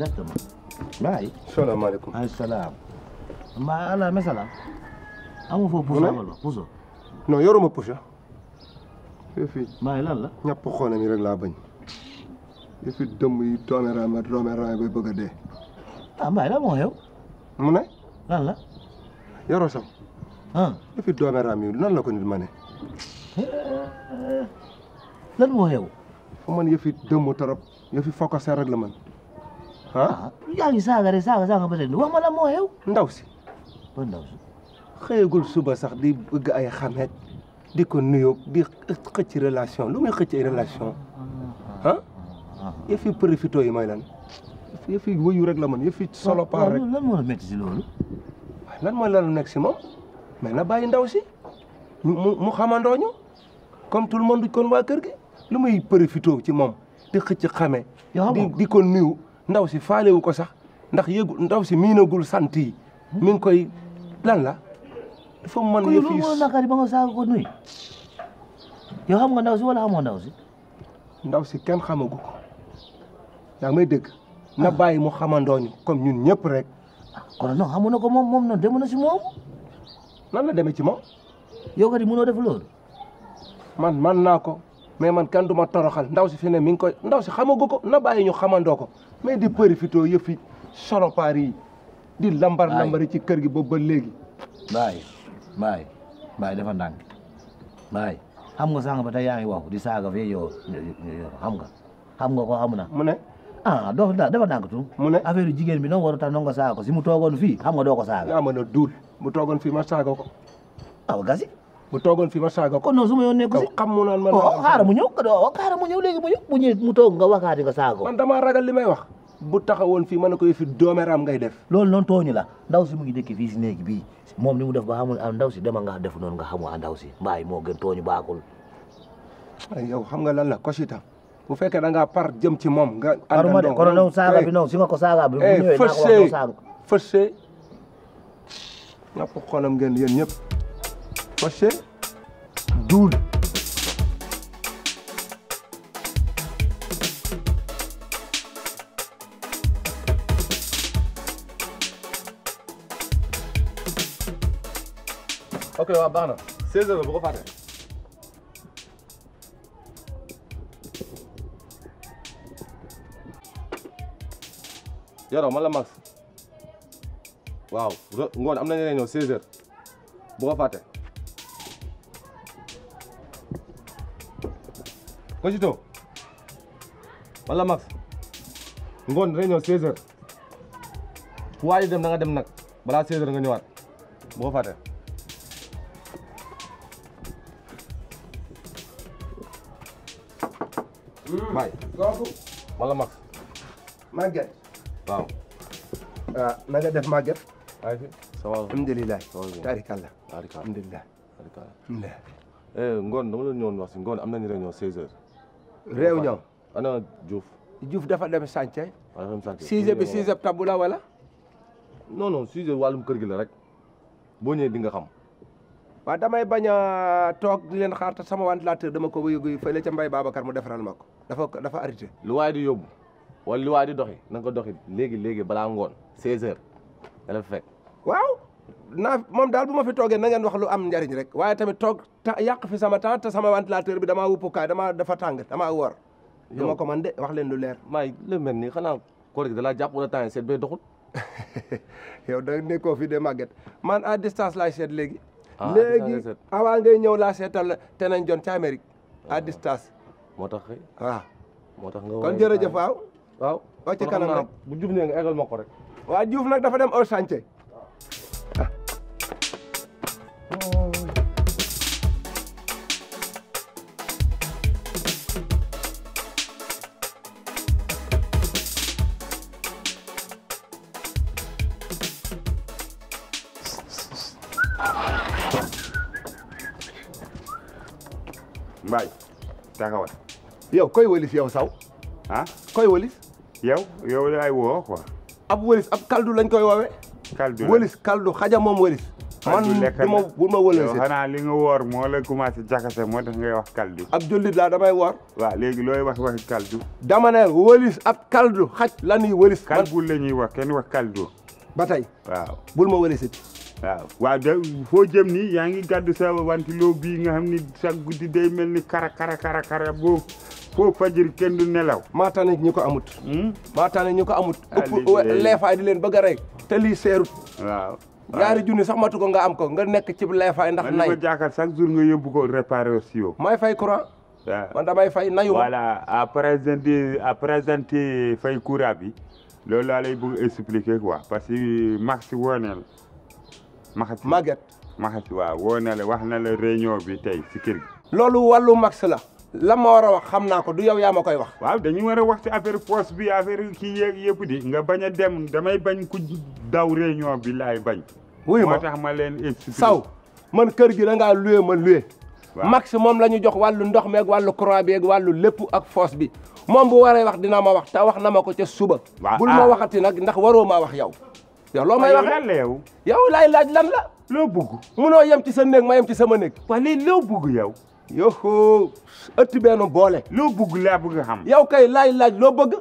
Exactement. معي السلام عليكم عليه السلام ما انا مثلا اما فو بوزو ولا بوزو نو يورو مو بوشا يفي ما لا لا نيا بوخونا مي رك لا باغ يفي دم يي دومي رامي دومي رامي باي بوغا دي اه ما لا مو هيو مو ناي لا لا يورو سام ها آه. يفي دومي رامي نان لا كو نيت ماني لان مو هيو فمان يفي دم تراب يفي فوكس رك لا مان ah yaa ngi saaga rek saaga saaga ba tey la moo xew. ndaw si. ba ndaw xëyagul suba sax di bëgg ay xameet di ko nuyoo di xëcc relation lu muy xëcc ay relation ah yëf ah, ah, ah. yi profito yi mooy lan yëf yi wëyu rek la man yëf yi solo par rek lan moo la métti si loolu lan mooy lan nekk si moom mais na bàyyi ndaw si mu mu xamandoo ñu comme tout le monde kon waa kër gi lu muy profito ci moom di xëcc xame di di nuyu ndaw si faalewu ko sax ndax yëgu ndaw si miinagul sant yi mi ngi koy lan la dafa mën yëf yi ko nakari ba nga xam nga ndaw si wala ndaw si ndaw si kenn xamagu ko yaa may dégg na ah. bàyyi mu xamandooñu comme ñun ñëpp rek ah, kon non xamu na ko moom moom noonu demu na si moom nan la demee ci moom yow kat yi mënoo def loolu man man naa ko mais man kenn du ma ndaw si fi ne mi ngi koy ndaw si xam ko na bàyyi ñu xamandoo ko mais di profité yëfi solopaar yi di lambar lambari ci kër gi ba ba léegi mbaay mbaay mbaay dafa ndànk mbaay xam nga sànq ba yaa ngi wax di saaga fii yow xam nga xam nga ko xam na mu ne ah doo dafa ndànk tu mu ne affaire jigéen bi noonu waru ta noonu nga ko si mu toogoon fii xam nga doo ko saaga yaa mën mu toogoon fii ma saaga ko aw gasi bu toogoon fii ma saaga ko non su ma yoon nekk ko xam mu naan ma oh, xaaral mu ñëw oh, xaaral mu ñëw léegi mu ñëw mu toog nga waxaati nga saago man damaa ragal li may wax bu taxawoon fii mën na koy fi doomeram ngay def loolu noonu tooñu la ndaw si mu ngi dëkk fii si néeg bii moom ni mu def ba xamul a ah, ndaw si dama nga def noonu nga xamul a ah, ndaw si mbaay moo gën tooñu baaxul ay yow xam nga lan la Koshita bu fekkee da ngaa par jëm ci moom nga aruma de kon noonu saaga bi noonu si nga ko saaga bi fësee fësee ñàpp xolam ngeen yéen ñëpp What's it? Dude. اوكي يا ربعنا سيزر بغرف عليك يلا مالا ماكس واو نقول عملنا لنا سيزر بغرف عليك Kojito wala Max ngoon réunion 16h ku waaj dem na nga dem nag balaa 16h nga ñëwaat bu ko fàtte. Hmm. Baye. kooku. wala Max. Maguette. waaw. ah na nga def Maguette. maa ngi fi ça va. alhamdulilah. taarikàlla. taarikàlla alhamdulilah. alhamdulilah. Eh, ngoon dama la ñëwoon si Ngoon am nañu réunion 16h. réunion ana Diouf juuf dafa dem chantier sixième bi sixième tabu la wala non non sujet wàllum kër gi la rek boo ñëwee di nga xam waaw damay bañ a toog di leen xaar te sama ventilateur dama ko yóbbu fële ca Mbaye Babacar mu defaral ma ko dafa dafa arrêté lu waay di yóbbu wala lu waay di doxi na nga ko doxi léegi léegi balaa ngoon seize heures fekk waaw naa moom daal bu ma fi toogee na ngeen wax lu am njariñ rek waaye tamit toog yàq fi sama temps te sama ventilateur bi dama damaa wuppukaay damaa dafa tàng damaa woor du ma de wax leen lu leer maa lu mel nii xanaa koor gi dalaa jàpp wala temps yi seet bay doxul yow da nekkoo fi de màgget man à distance laay seet léegi ah, léegi avant ngay ñëw laa seetal la te nañ jon ca Amérique à ah. distance moo tax xëy ah. moo tax nga kon jërëjëf waaw waaw ci kanam bu jub nee nga ma ko rek waa Diouf nag dafa dem o chantier Mbaay taxawal. yow koy wëlis yow saw. ah koy wëlis. yow yow laay woo quoi. ab wolis ab kaldu lañ koy woowee. kaldu Wolis kaldu xaja moom wëlis. man du ma bu ma wëlal si xanaa woor moo la commencé jaxase moo tax ngay wax kaldu ab jullit laa damay woor waa léegi looy wax waxi kaldu dama ne wëlis ab kaldu xaj la ñuy wëlis kalbu la ñuy wax kenn wax kaldu ba tey waaw bul ma wëlisati waaw waaw da foo jëm ni yaa ngi gàddu sa wantiloo bii nga xam ni sa guddi day mel ni kara kara kara kara boo foo fajir kenn du nelaw maa tane ñu ko amut hmm? maa tane ñi ko amut leefaay di leen ba a rek te seerut waaw ñaari junni sax matu ko nga am ko nga nekk ci leefaay ndax. nay man jàkkaar chaque jour nga yóbbu ko réparé aussi yow. may fay courant. man damay fay nayu ma. voilà à présenter à présenter fay courant bi loolu laa lay bëgg expliquer quoi parce que Max wooneel. Maxati Maguette Maxati waa woo na la wax na la réunion bi tey si kër loolu wàllu Max la. la ma war a wax xam naa ko du yow yaa ma koy wax. waaw dañu war a wax ci affaire poste bi affaire kii yeeg yëpp di nga bañ a dem damay bañ ku daw réunion bi laay bañ. wuyu ma moo tax ma leen expliqué. saw man kër gi da ngaa loué ma loué. max moom la ñu jox wàllu ndox meeg wàllu courant bi ak lépp ak fosse bi moom bu waree wax dina ma wax te wax na ma ko ca suba. bul ma ah. waxati nag ndax waroo maa wax yow. yow loo may ah, wax yow laay laaj lan la. loo bugg munoo yam ci sa néeg ma yem ci sama néeg. waaye lii loo bugg yow. yoxu ëtt benn boole. loo bëgg laa bëgg xam. yow kay laaj laaj loo bëgg.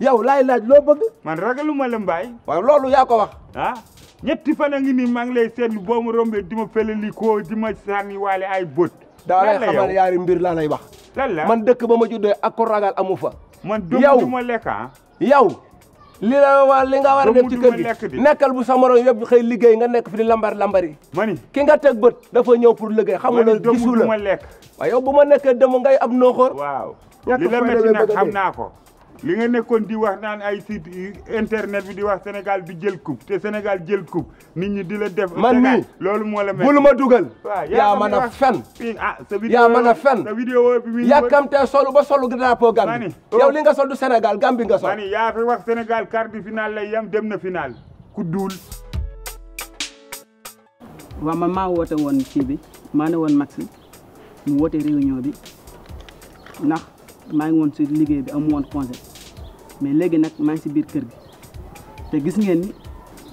yow laay laaj loo bëgg. man ragaluma la mbaay. waaw loolu yaa ko wax. ah ñetti fan a ngi nii maa ngi lay seetlu boo ma rombee di ma fëleli koo di ma sànni waale ay bët. daa lay xamal yaari mbir laa lay wax. lan man dëkk ba ma juddee ak ko ragal amu fa. man doomu du ma lekk ah. yow li la waa li war a def ci kër gi nekkal bu sa morom yëpp xëy liggéey nga nekk fi di lambar lambari mani ki nga teg bët dafa ñëw pour liggéey xam nga loolu gisu la waaw yow bu ma nekkee dem ngay ab nooxoor waaw li la métti na xam naa ko li nga nekkoon di wax naan ay siit internet bi di wax senegal du jël coupe te Sénégal jël coupe nit ñi di la def. man mii loolu moo ma dugal. yaa mën a fen ah sa yaa mën a fen sa vidéo bi muy yàkkamtee solu ba solu drapeau Gambie. yow oh. li nga sol du Sénégal nga sol. mani yaa fi wax Sénégal quart de finale lay yam dem na finale ku duul. waaw man maa woon kii bi maa woon Maxi mu woote réunion bi ndax maa ngi woon si liggéey bi amu woon conseil. mais léegi nag maa ngi si biir kër gi te gis ngeen ni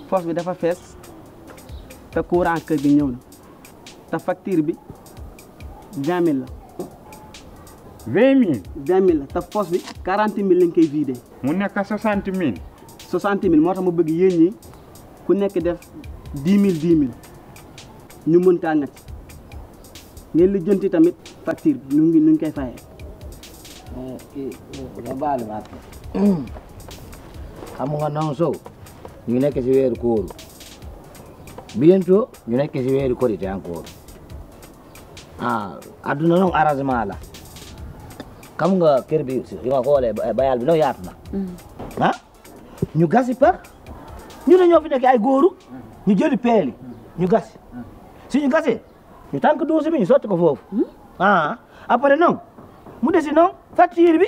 foofu bi dafa fees te courant kër gi ñëw ni te facture bi vingt mille la. vingt mille. la te fosse bi quarante mille lañ koy vidé. mu nekk soixante mille. mille moo tax ma bëgg yéen ñi ku nekk def dix mille dix mille ñu mën kaa ngacc ngeen li jënti tamit facture bi nu ngi nu ngi koy fayee. Eh, xam nga non sow ñu nekk si weeru koor bientôt ñu nekk si weeru korité encore ah adduna noon arrangement la xam nga kër bi yi ma xoolee bayal bi noonu yaatu na mm. ah, ñu gasi par ñu ne ñoo fi nekk ay góoru mm. ñu jëli peeli ñu gasi mm. si ñu gasee ñu tànk duusi bi ñu sotti ko foofu ah après noon mu desi noon facture bi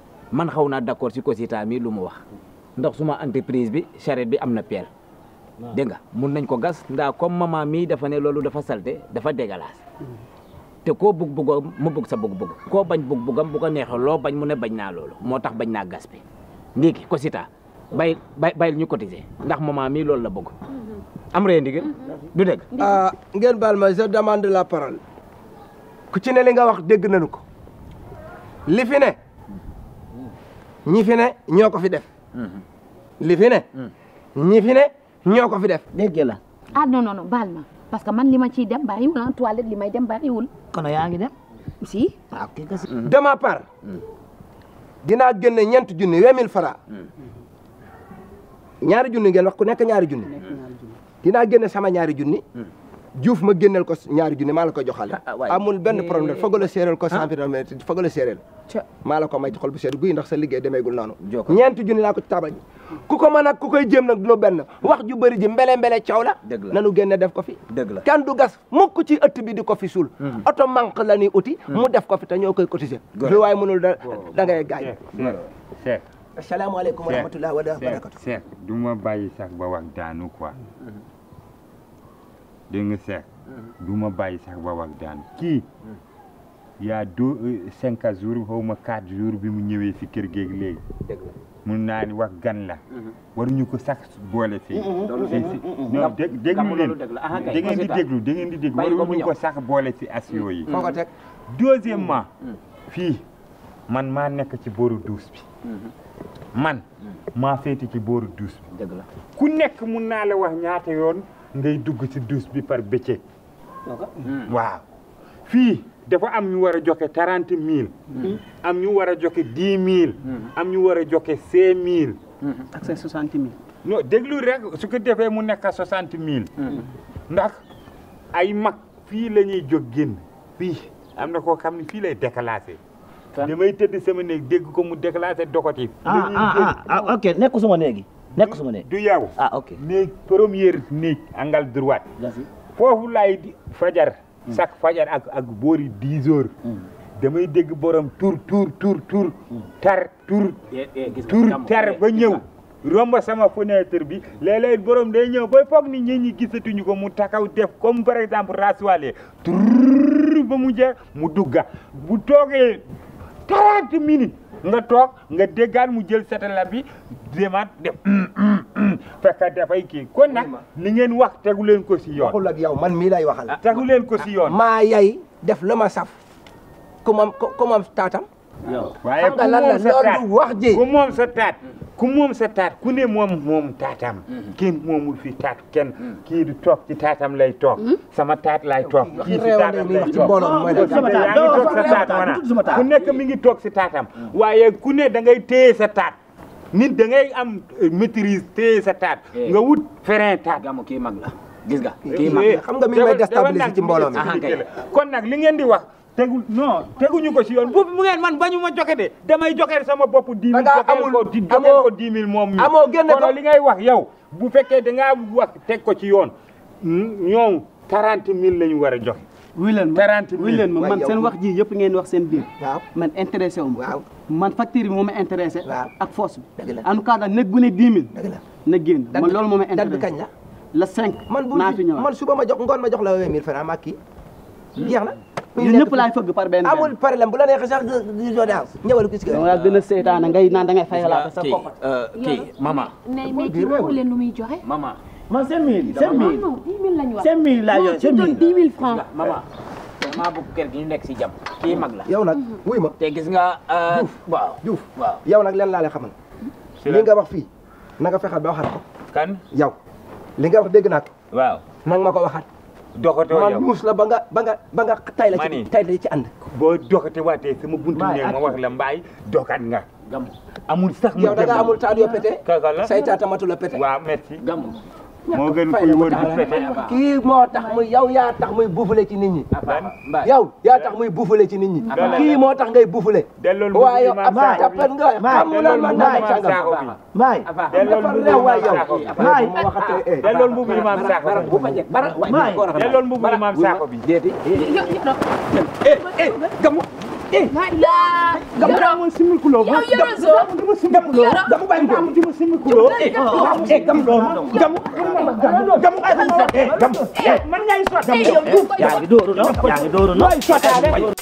man xaw naa d'accord si Kosita mii lu mu wax ndax suma entreprise bi charrette bi am na peel dégg nga mun nañ ko gas ndaa comme maman mii dafa ne loolu dafa salte dafa dégalaas mm-hmm. te ko bugg buggam mu bugg sa bugg bugg koo bañ bugg buggam bu a neexee loo bañ mu ne bañ naa loolu moo tax bañ naa gas bi léegi Kosita bay bay bayil ñu cotiser ndax maman mii loolu la bëgg mm-hmm. am ree ndigal mm-hmm. du dégg ah, ngeen baal ma je demande la parole ku ci ne li nga wax dégg nañu ko li ñi fi ne ñoo ko fi def mm-hmm. li fi ne mm. ñi fi ne ñoo fi def ah non non non balma Pas parce que man li ma ciy dem bàyyiwul ah toilette dem bàyyiwul kono yaa ngi dem si waaw kii ka si de ma part mm. dinaa génne ñeent junni vingt mille francs mm. ñaari junni ngeen wax ku nekk ñaari sama ñaari junni Diouf ma génneel ko ñaari junne maa la ko joxal joxale ah, ah, amul benn problème foog la séeréel ko ah. cent mètres foog la séeréel maa la ko may ci xol bu seet guy ndax sa liggéey demeegul noonu ñeenti junne laa ko ci taabal ji ku ko mën ak ku koy jéem nag du benn wax ju bëri ji mbele mbele coow la u génne def ko fi dëgg la kan du gas mukk ci ëtt bi di ko fi suul hmm. oto manque la ni uti hmm. mu def ko fi te ñoo koy cotiser lu waaye mënul da da ngay gaañ asalaamaaleykum wa rahmatulah wa barakatu Cheikh du ma bàyyi sax ba wax daanu quoi hmm. dégg nga seex mm-hmm. du ma bàyyi sax ba wax daan kii mm-hmm. yaa deux cinq jours xaw ma quatre jours bi mu ñëwee si kër géeg léegi mun naa ni wax gan la mm-hmm. waruñu ko sax boole si non déglu leen da ngeen di déglu da di déglu waruñu ko sax boole si asio yi deuxièmement fii man maa nekk ci booru duus bi man maa féete ci booru duus bi ku nekk mun naa la wax ñaata yoon ngay dugg ci douche bi par bëccëg hmm. waaw fii dafa am ñu war a joxe trente mille hmm. am ñu war a joxe dix mille hmm. am ñu war a joxe cinq mille ak say soixante mille déglu rek su ko defee mu nekk soixante mille ndax ay mag fii la ñuy jóg génn fii am na koo xam ni fii lay déclassé damay tëdd sama néeg dégg ko mu déclassé dokoti ah ah, ah ah ok nekku sama néegi nekk suma ne du yow ah ok néeg première néeg angal droite foofu laay fajar hmm. chaque fajar ak ak boori dix heures hmm. damay dégg borom tur tur tur tur hmm. tar tur eh, eh, tur tar ba eh, ñëw romba sama fenêtre bi léeg-léeg borom day ñëw ba foog ni ñi ñi gisatuñu ko mu takaw def comme par exemple rasuwaale tur ba mu jeex mu dugga bu toogee trente minutes nga toog nga déggaat mu jël satala bi demaat def fekk dafay kii kon nag li ngeen wax tegu leen ko si yoon. waxul ak yow man mii lay waxal. tegu leen ko si yoon. maa yay def la ma saf ku ma ku ma taatam. waaye ku moom sa taat wax ku moom sa taat ku moom sa taat ku ne moom moom taatam mm-hmm. kenn moomul fi taat kenn mm-hmm. kii du toog ci taatam lay toog mm-hmm. sama taat lay toog kii ci taatam lay toog yaa ngi toog taat wana ku nekk mi ngi toog si taatam waaye ku ne da ngay téye sa taat nit da ngay am euh, maîtrise téye sa taat eh. nga wut frein taat gamu kii mag la gis nga eh, kii mag la eh, xam nga mi ngi may déstabiliser ci mbooloo mi ah, kon nag li ngeen di wax tegul non teguñu ko ci yoon bu mu ngeen man bañuma joxe de damay joxe sama bopp 10 000 joxe ko di joxe ko 10 000 moom mi amoo génne ko li ngay wax yow bu fekkee da ngaa wax teg ko ci yoon ñoom 40 lañu war a wilen ma man seen wax ji yëpp ngeen wax seen biir man intéressé wu man facture bi moo ma intéressé ak force bi en tout cas daal nekk bu ne 10 000 na man loolu moo intéressé la 5 man bu man suba ma jox ngoon ma jox la 20 francs ma kii jeex na yéen ñëpp laay fëgg par benn amul problème bu la neexee sax du nga naan da ngay fayalaat sa koppar euh, kii mama mais lu muy joxe mama man cinq mille cinq mille ah non dix mille lañu wax cinq mille laa yor cinq gi ñu nekk si jàmm kii mag la yow nag mhm. wuy ma te gis nga euh, waaw Diouf waaw yow nag leen laa lay xamal li nga wax fii na nga fexal ba waxaat ko kan yow li nga wax dégg naa ko nang ma ko waxaat doxatoo yow man la ba nga ba nga ba nga tay la ci tay la ci ànd. boo doxatewaatee sama buntu néeg ma wax la mbaay doxaat nga. amul sax mu yow da nga amul taal yoo pete. kaka la say taata matul a pete. moo gën kii moo tax muy yow yaa tax muy bufule ci nit ñi yow yaa tax muy bufule ci nit ñi kii moo tax ngay bufule waaye yow ab tapet nga xamu la man naa càngam maay dafa rew waay yow maay waxate dellool mbubu imam saako bu ko eh, jek bara waay dellool mbubu imam saako bi déeti eh eh, eh, eh gamu Eh, dama daa amoon simmi kuloo ma gamu dama simmi kuloo gamu bañ ko gamu dama simmi kuloo gamu eh gamu gamu gamu gamu gamu eh gamu eh man ngay sot gamu yaa ngi dooru no yaa ngi dooru no